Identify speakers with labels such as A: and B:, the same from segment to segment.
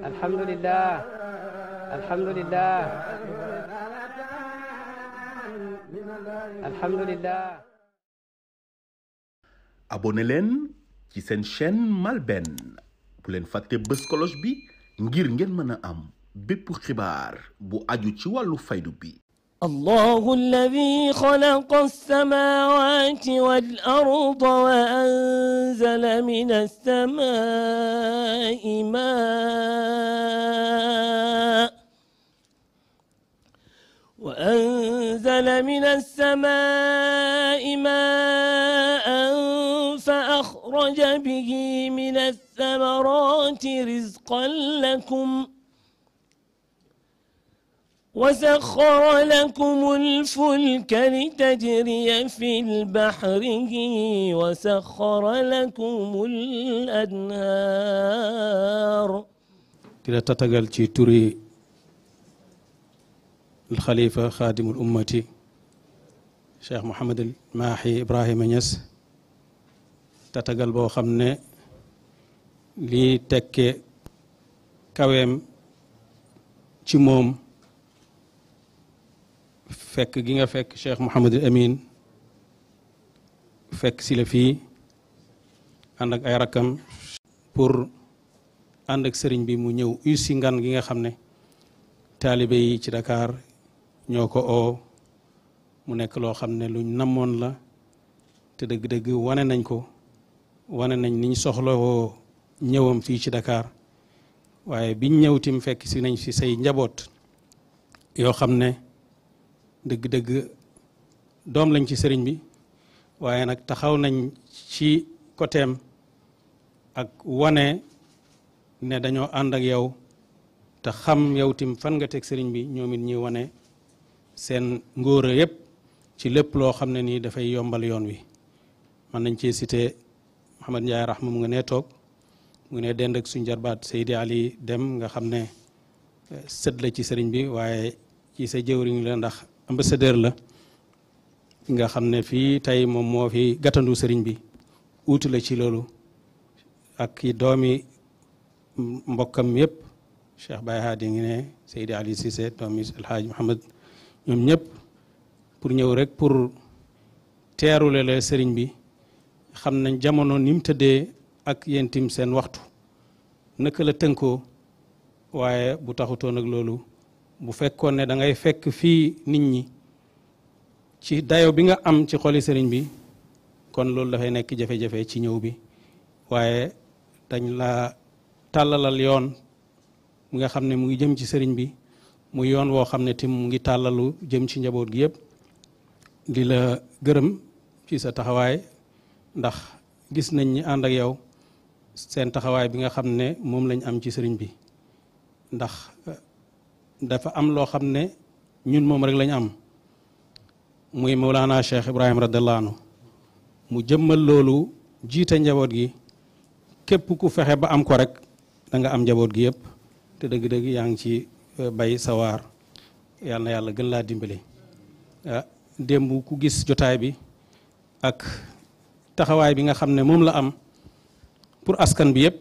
A: alhamdulilah alhamdulilah alhamdulilah. abonné leen ci seen chen MALBN bu leen fàtte bës kolos bi ngir ngeen mën a am bépp xibaar bu aju ci wàllu faydu bi.
B: الله الذي خلق السماوات والأرض
A: وأنزل من السماء ماء وأنزل من السماء ماء فأخرج به من الثمرات رزقا لكم ۖ وسخر لكم الفلك لتجري في البحر وسخر لكم الأنهار dina tatagal ci turi alxalifa xaadimul ummati cheikh Mouhamadul Mahi Ibrahima Niass tatagal boo xam ne lii tekke kaweem ci moom fekk gi nga fekk Cheikh Mouhamadul Amin fekk si la fii ànd ay rakkam pour ànd sëriñ bi mu ñëw usi ngan gi nga xam ne taalibe yi ci Dakar ñoo ko oo mu nekk loo xam ne luñ namoon la te dëgg-dëgg wane nañ ko wane nañ niñ soxlawoo ñëwam fii ci Dakar waaye bi ñëw tim fekk si nañ si say njaboot yoo xam ne dëgg-dëgg doom lañ ci sëriñ bi waaye nag taxaw nañ ci côtéem ak wane ne dañoo ànd ak yow te xam yow tim fan nga teg sëriñ bi ñoom it ñi wane seen ngóora yépp ci lépp loo xam ne nii dafay yombal yoon wi mën nañ cee cité Mouhamed Ndiaye rahma mu nga ne toog mu ngi ne dend ak suñ jarbaat Seydi Ali Dem nga xam ne eh, sët la ci sëriñ bi waaye ci sa jëwriñ la ndax ambassadeur la nga xam ne fii tey moom moo fi gàttandu sëriñ bi uutu la ci loolu ak doomi mbokkam yëpp Cheikh Baye Hadi ngi ne Seydi Ali Cissé doomi El Hadj ñoom ñëpp pour ñëw rek pour teerule la sëriñ bi xam nañ jamono ni mu tëddee ak yéen tim seen waxtu naka la tënkoo waaye bu taxutoon ak loolu bu fekkoon ne da ngay fekk fii nit ñi ci dayo bi nga am ci xoli sëriñ bi kon loolu dafay nekk jafe-jafe ci ñëw bi waaye dañ la tàllalal yoon mu nga xam ne mu ngi jëm ci sëriñ bi muy yoon woo xam ne tim mu ngi tàllalu jëm ci njaboot gi yëpp di la gërëm ci sa taxawaay ndax gis nañ ñi ànd ak yow seen taxawaay bi nga xam ne moom lañ am ci sëriñ bi ndax dafa am loo xam ne ñun moom rek lañu am muy Mawlana Cheikh Ibrahim radiyallahu mu jëmmal loolu jiite njaboot gi képp ku fexe ba am ko rek danga am njaboot gi yëpp te dëgg-dëgg yaa ngi ci eh, bay sawaar yal na yàlla gën laa dimbali ah démb ku gis jotaay bi ak taxawaay bi nga xam ne moom la am pour askan bi yëpp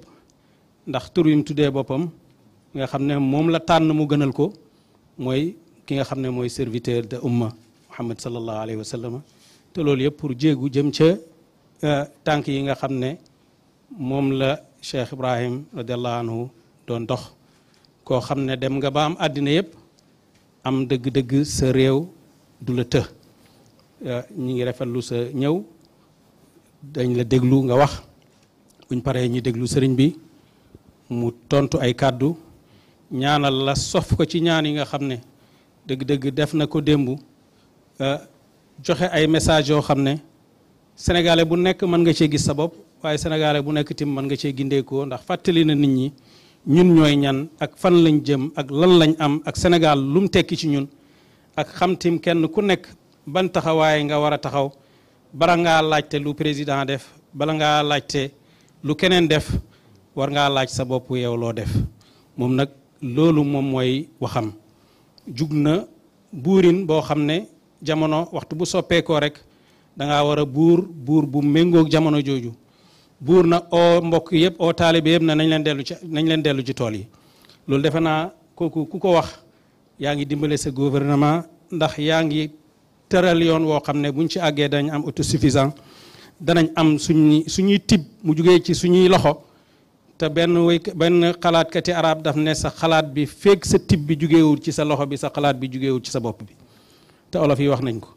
A: ndax tur wi mu tuddee boppam. nga xam ne moom la tànn mu gënal ko mooy ki nga xam ne mooy serviteur de umma Muhammad sallallahu alayhi wa sallam te loolu yëpp pour jéegu jëm ca euh, tànk yi nga xam ne moom la Cheikh Ibrahim radiallahu anhu doon dox koo xam ne dem nga ba am àddina yëpp am dëgg-dëgg sa réew du la të euh, ñi ngi rafetlu sa ñëw dañ la déglu nga wax buñ paree ñu déglu sëriñ bi mu tontu ay kàddu ñaanal la sof ko ci ñaan yi nga xam ne dëgg-dëgg def na ko démb euh, joxe ay message yoo xam ne sénégalais bu nekk mën nga cee gis sa bopp waaye sénégalais bu nekk tim mën nga cee gindeekoo ndax fàttali na nit ñi ñun ñooy ñan ak fan lañ jëm ak lan lañ am ak Sénégal lu mu tekki ci ñun ak xamtim kenn ku nekk ban taxawaay nga war a taxaw bala ngaa laajte lu président def bala ngaa laajte lu keneen def war ngaa laaj sa bopp yow loo def moom nag loolu moom mooy waxam jug na buurin boo xam ne jamono waxtu bu soppeekoo rek da ngaa war a buur buur bu méngoog jamono jooju buur na o mbokk yëpp oo taalibe yëpp na nañ leen dellu ci nañ leen dellu ci tool yi loolu defe naa kooku ku ko wax yaa ngi dimbale se gouvernement ndax yaa ngi tëral yoon woo xam ne buñ ci àggee danañ am auto autosuffisant danañ am su suñuy tib mu jugee ci suñuy loxo te benn way benn xalaatkati arab daf ne sa xalaat bi feeg sa tib bi jugewul ci sa loxo bi sa xalaat bi jugewul ci sa bopp bi te olof yi wax nañ ko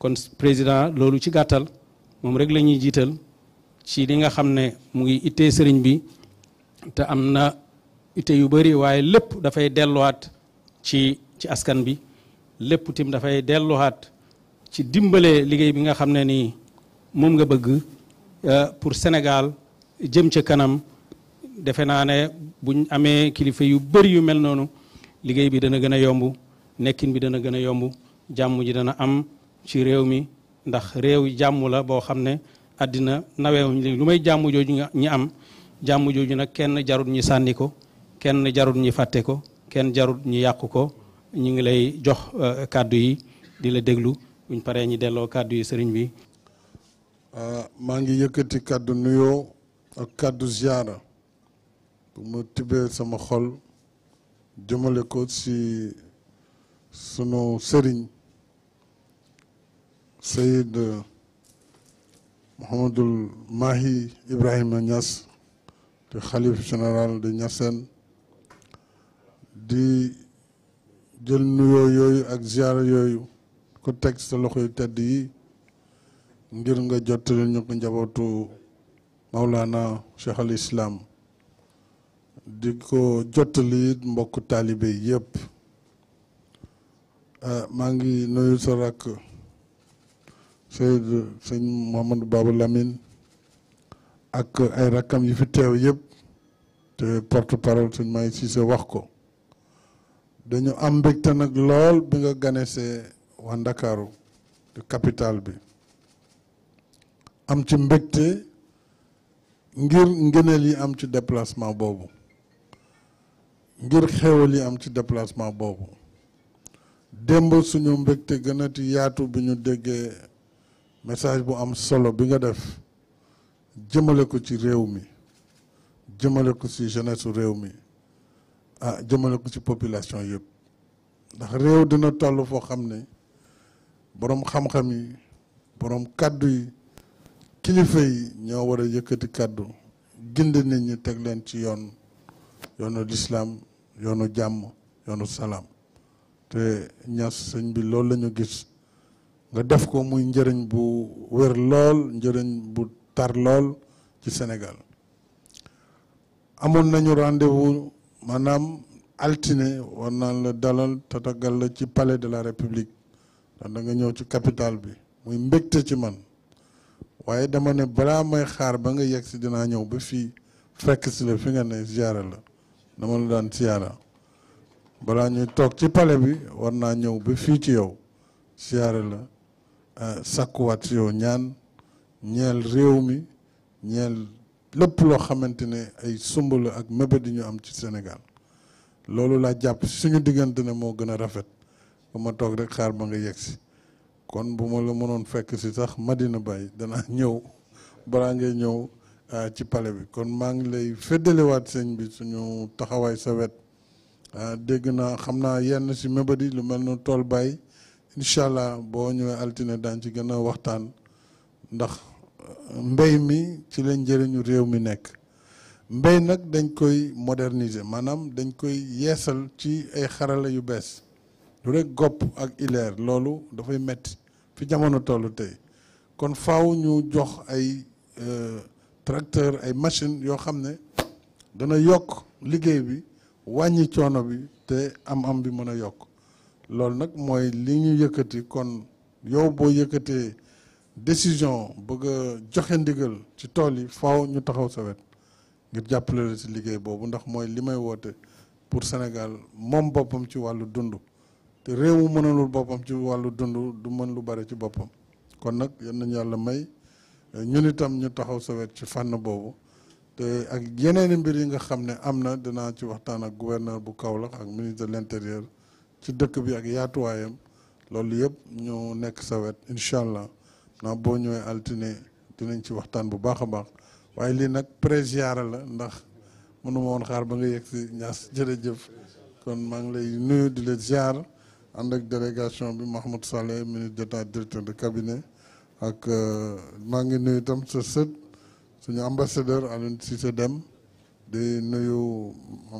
A: kon président loolu ci gàttal moom rek lañuy jiital ci li nga xam ne mu ngi ittee sëriñ bi te am na itte yu bari waaye lépp dafay delluwaat ci ci askan bi lépp tim dafay delluwaat ci dimbale liggéey bi nga xam ne nii moom nga bëgg euh, pour Sénégal jëm ca kanam defe naa ne buñ amee kilifa yu bëri yu mel noonu liggéey bi dana gën a yomb nekkin bi dana gën a yomb jàmm ji dana am ci réew mi ndax réew jàmm la boo xam ne àddina nawewuñ li lu may jàmm jooju ñi am jàmm jooju nag kenn jarut ñi sànni ko kenn jarut ñi fàtte ko kenn jarut ñi yàqu ko ñu ngi lay jox euh, kàddu yi di la déglu buñ paree ñi delloo kàddu yi sëriñ bi
B: euh, maa ngi yëkkati kàddu nuyoo ak kàddu ziyaara bu ma tibbee sama xol jëmale ko ci sunu sëriñ Sayid Mouhamadul Mahi Ibrahima ñas te xalif général de Niassène di jël nuyoo yooyu ak ziyaara yooyu ko teg sa loxo yu tedd yi ngir nga jottali ñu ko njabootu Maulana Cheikh al Islam di ko jottali mbokk taalibe yëpp ah, maa ngi nuyu sa rakk Seydou sëñ Mouhamadou Babou Lamine ak ay rakkam yi fi teew yëpp te porte parole sëñ May Cissé wax ko dañu am mbégte nag lool bi nga ganesee waa Ndakaaru capital bi am ci mbégte ngir ngëneel yi am ci déplacement boobu ngir xéewal yi am ci déplacement boobu démb suñu mbégte gën a ti yaatu bi ñu déggee message bu am solo bi nga def jëmale ko ci réew mi jëmale ko ci jeunesse su réew mi ah jëmale ko ci population yëpp ndax réew dina toll foo xam ne boroom xam-xam yi boroom kàddu yi kilifa yi ñoo war yëkkati kàddu gindi nit ñi teg leen ci yoon yoonu lislaam yoonu jàmm yoonu salaam te ñas sëñ bi loolu lañu gis nga def ko muy njëriñ bu wër lool njëriñ bu tar lool ci Sénégal amoon nañu rendez-vous maanaam altine war naan la dalal tatagal la ci palais de la république ndax da ñëw ci capitale bi muy mbégte ci man waaye dama ne balaa may xaar ba nga yegg si dinaa ñëw ba fii fekk si la fi nga ne ziyaara la dama la daan siyaara balaa ñuy toog ci pale bi war naa ñëw ba fii ci yow siyaara la eh, sàkkuwaat si yow ñaan ñeel réew mi ñeel lépp loo xamante ne ay sumb ak mébét yi ñu am ci Sénégal loolu laa jàpp suñu diggante ne moo gën a rafet ba ma toog rek xaar ba nga yegg si kon bu ma la mënoon fekk si sax Madina Baye danaa ñëw balaa ngay ñëw Euh, ci pale bi kon maa ngi lay féddalewaat sëñ bi suñu taxawaay sa wet euh, dégg naa xam naa yenn si mébét yi lu mel ne tool bàyyi incha allah boo ñëwee altine daan ci gën a waxtaan ndax euh, mbéy mi ci la njëriñu réew mi nekk mbéy nag dañ koy moderniser maanaam dañ koy yeesal ci ay xarala yu bees lu rek gopp ak ileer loolu dafay metti fi jamono tollu tey kon faw ñu jox ay tracteur ay machine yoo xam ne dana yokk liggéey bi wàññi coono bi te am-am bi mën a yokk loolu nag mooy li ñu yëkkati kon yow boo yëkkatee décision bëgg a joxe ndigal ci tool yi faaw ñu taxaw sa wet ngir jàppale la ci liggéey boobu ndax mooy li may woote pour Sénégal moom boppam ci wàllu dund te réew mu mënalul boppam ci wàllu dund du mën lu bare ci boppam kon nag yal nañu yàlla may. ñun itam ñu taxaw sa wet ci fànn boobu te ak yeneeni mbir yi nga xam ne am na dinaa ci waxtaan ak gouverneur bu kaw Kaolack ak ministre de l'intérieur ci dëkk bi ak yaatuwaayam loolu yëpp ñu nekk sa wet incha allah naa boo ñëwee altine dinañ ci waxtaan bu baax a baax waaye lii nag pré la ndax mënuma woon xaar ba nga yegg si ñaas jërëjëf kon maa ngi lay nuyu di la ziar ànd ak délégation bi Mahmoud Saleh ministre d'état directeur de cabinet ak euh, maa ngi nuyu itam sa sët suñu ambassadeur Alioune Cissé dem di nuyu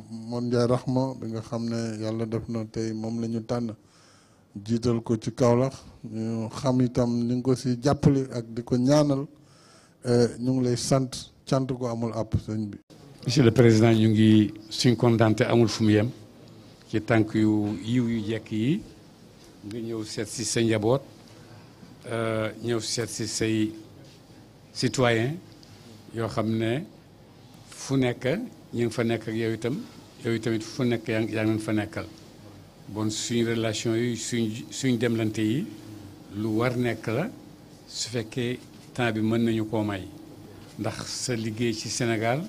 B: Mon Ndiaye Rahma bi nga xam ne yàlla def na tey moom lañu tànn jiital ko ci Kaolack ñu xam itam ni nga ko si jàppale ak di ko ñaanal euh, ñu ngi lay sant cant ko amul àpp sëñ bi.
C: monsieur le président ñu ngi suñ kontaante amul fu yem ci tànk yu yiw yu jekk yi nga ñëw seet si sa njaboot. Euh, ñëw seet si say citoyen yoo xam ne fu nekk ñu ngi fa nekk ak yow itam yow itamit fu nekk yaa ngi leen fa nekkal bon suñu relation yi suñ suñ demlante yi lu war nekk la su fekkee temps bi mën nañu koo may ndax sa liggéey ci Sénégal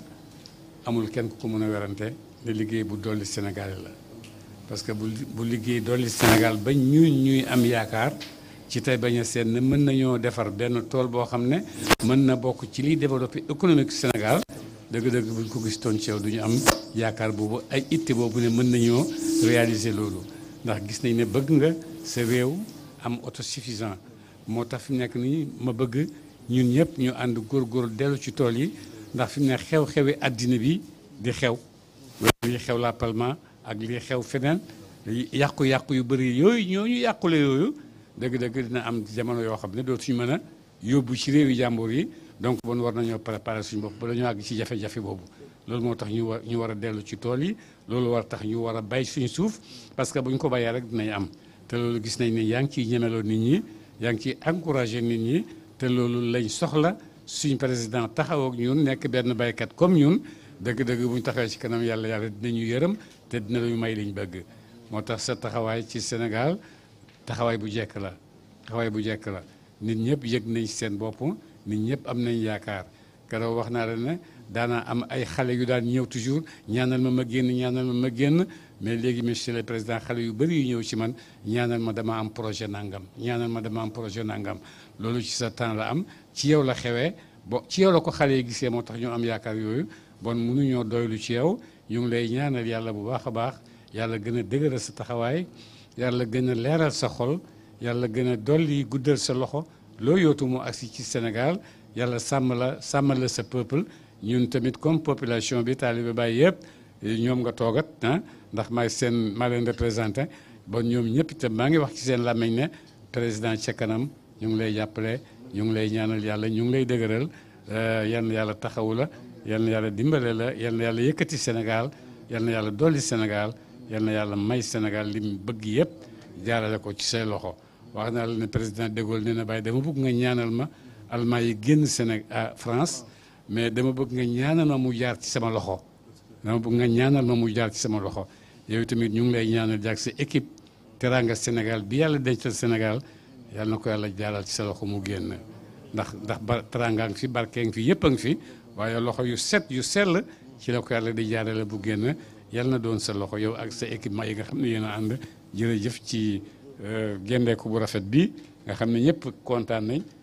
C: amul kenn ku ko mën a werante ne liggéey bu dolli Sénégal la parce que bu liggéey dolli Sénégal ba ñun ñuy am yaakaar ci tey bañ a seet ne mën nañoo defar benn tool boo xam ne mën na bokk ci liy développé économique Sénégal dëgg-dëgg buñ ko gis toon ci duñu am yaakaar boobu ay itte boobu ne mën nañoo réaliser loolu ndax gis nañ ne bëgg nga sa réew am autosuffisant moo tax fi mu nekk ni ma bëgg ñun ñëpp ñu ànd góor góor dellu ci tool yi ndax fi mu ne xew-xewi àddina bi di xew lii xew La ak lii xew feneen yàqu-yàqu yu bëri yooyu ñooñu yàqule yooyu dëgg-dëgg dina am jamono yoo xam ne dootuñu mën a yóbbu ci réewi jàmbur yi donc bon war nañoo préparer suñu bopp ba dañoo àgg ci jafe boobu loolu moo tax ñu war ñu war a dellu ci tool yi loolu war tax ñu war a bay suñu suuf parce que bu ñu ko bayee rek dinañ am te loolu gis nañ ne yaa ngi ciy ñemeloo nit ñi yaa ngi ciy encouragé nit ñi te loolu lañ soxla suñ président taxaw ak ñun nekk benn baykat comme ñun dëgg-dëgg bu ñu taxawee ci kanam yàlla yàlla dinañu yërëm te dina ñu may liñ bëgg moo tax sa taxawaay ci Sénégal taxawaay bu jekk la taxawaay bu jekk la nit ñëpp yëg nañ seen bopp nit ñëpp am nañ yaakaar keroog wax naa leen ne daanaa am ay xale yu daan ñëw toujours ñaanal ma ma génn ñaanal ma ma génn mais léegi monsieur le président xale yu bëri yu ñëw ci man ñaanal ma dama am projet nangam ñaanal ma dama am projet nangam loolu ci sa temps la am ci yow la xewee bo ci yow la ko xale yi gisee moo tax ñu am yaakaar yooyu bon mënuñoo doylu ci yow ñu ngi lay ñaanal yàlla bu baax a baax yàlla gën a sa taxawaay yàlla gën a leeral sa xol yàlla gën a dolli guddal sa loxo loo yootu mu agsi ci Sénégal yàlla sàmm la sàmmal la sa peuple ñun tamit comme population bi taalibe Baay yëpp ñoom nga toogat ah ndax maay seen maa leen représenté bon ñoom ñëpp itam maa ngi wax ci seen làmmiñ ne président ca kanam ñu ngi lay jàppale ñu ngi lay ñaanal yàlla ñu ngi lay dëgëral euh, yal na yàlla taxawu la yal yàlla dimbale la yal na yàlla yëkkati Sénégal yal yàlla dolli Sénégal yal na yàlla may Sénégal li mu bëgg yëpp jaarale ko ci say loxo wax naa la ne président de Gaulle nee na bàyyi dama bëgg nga ñaanal ma Allemagne yi génn Sénégal euh, France mais dama bëgg nga ñaanal ma mu jaar ci sama loxo dama bëgg nga ñaanal ma mu jaar ci sama loxo yow tamit ñu ngi lay ñaanal jaag sa équipe teraanga Sénégal bi yàlla dencal Sénégal yàlla na ko yàlla jaaral ci sa loxo mu génn ndax ndax ba teraanga ngi fi barke ngi fi yëpp a ngi fi waaye loxo yu set yu se ci di jaarale bu génn yal na doon sa loxo yow ak sa équipement yi nga xam ne yéen a ànd jërëjëf ci euh, gendeeku bu rafet bi nga xam ne ñëpp kontaan nañ.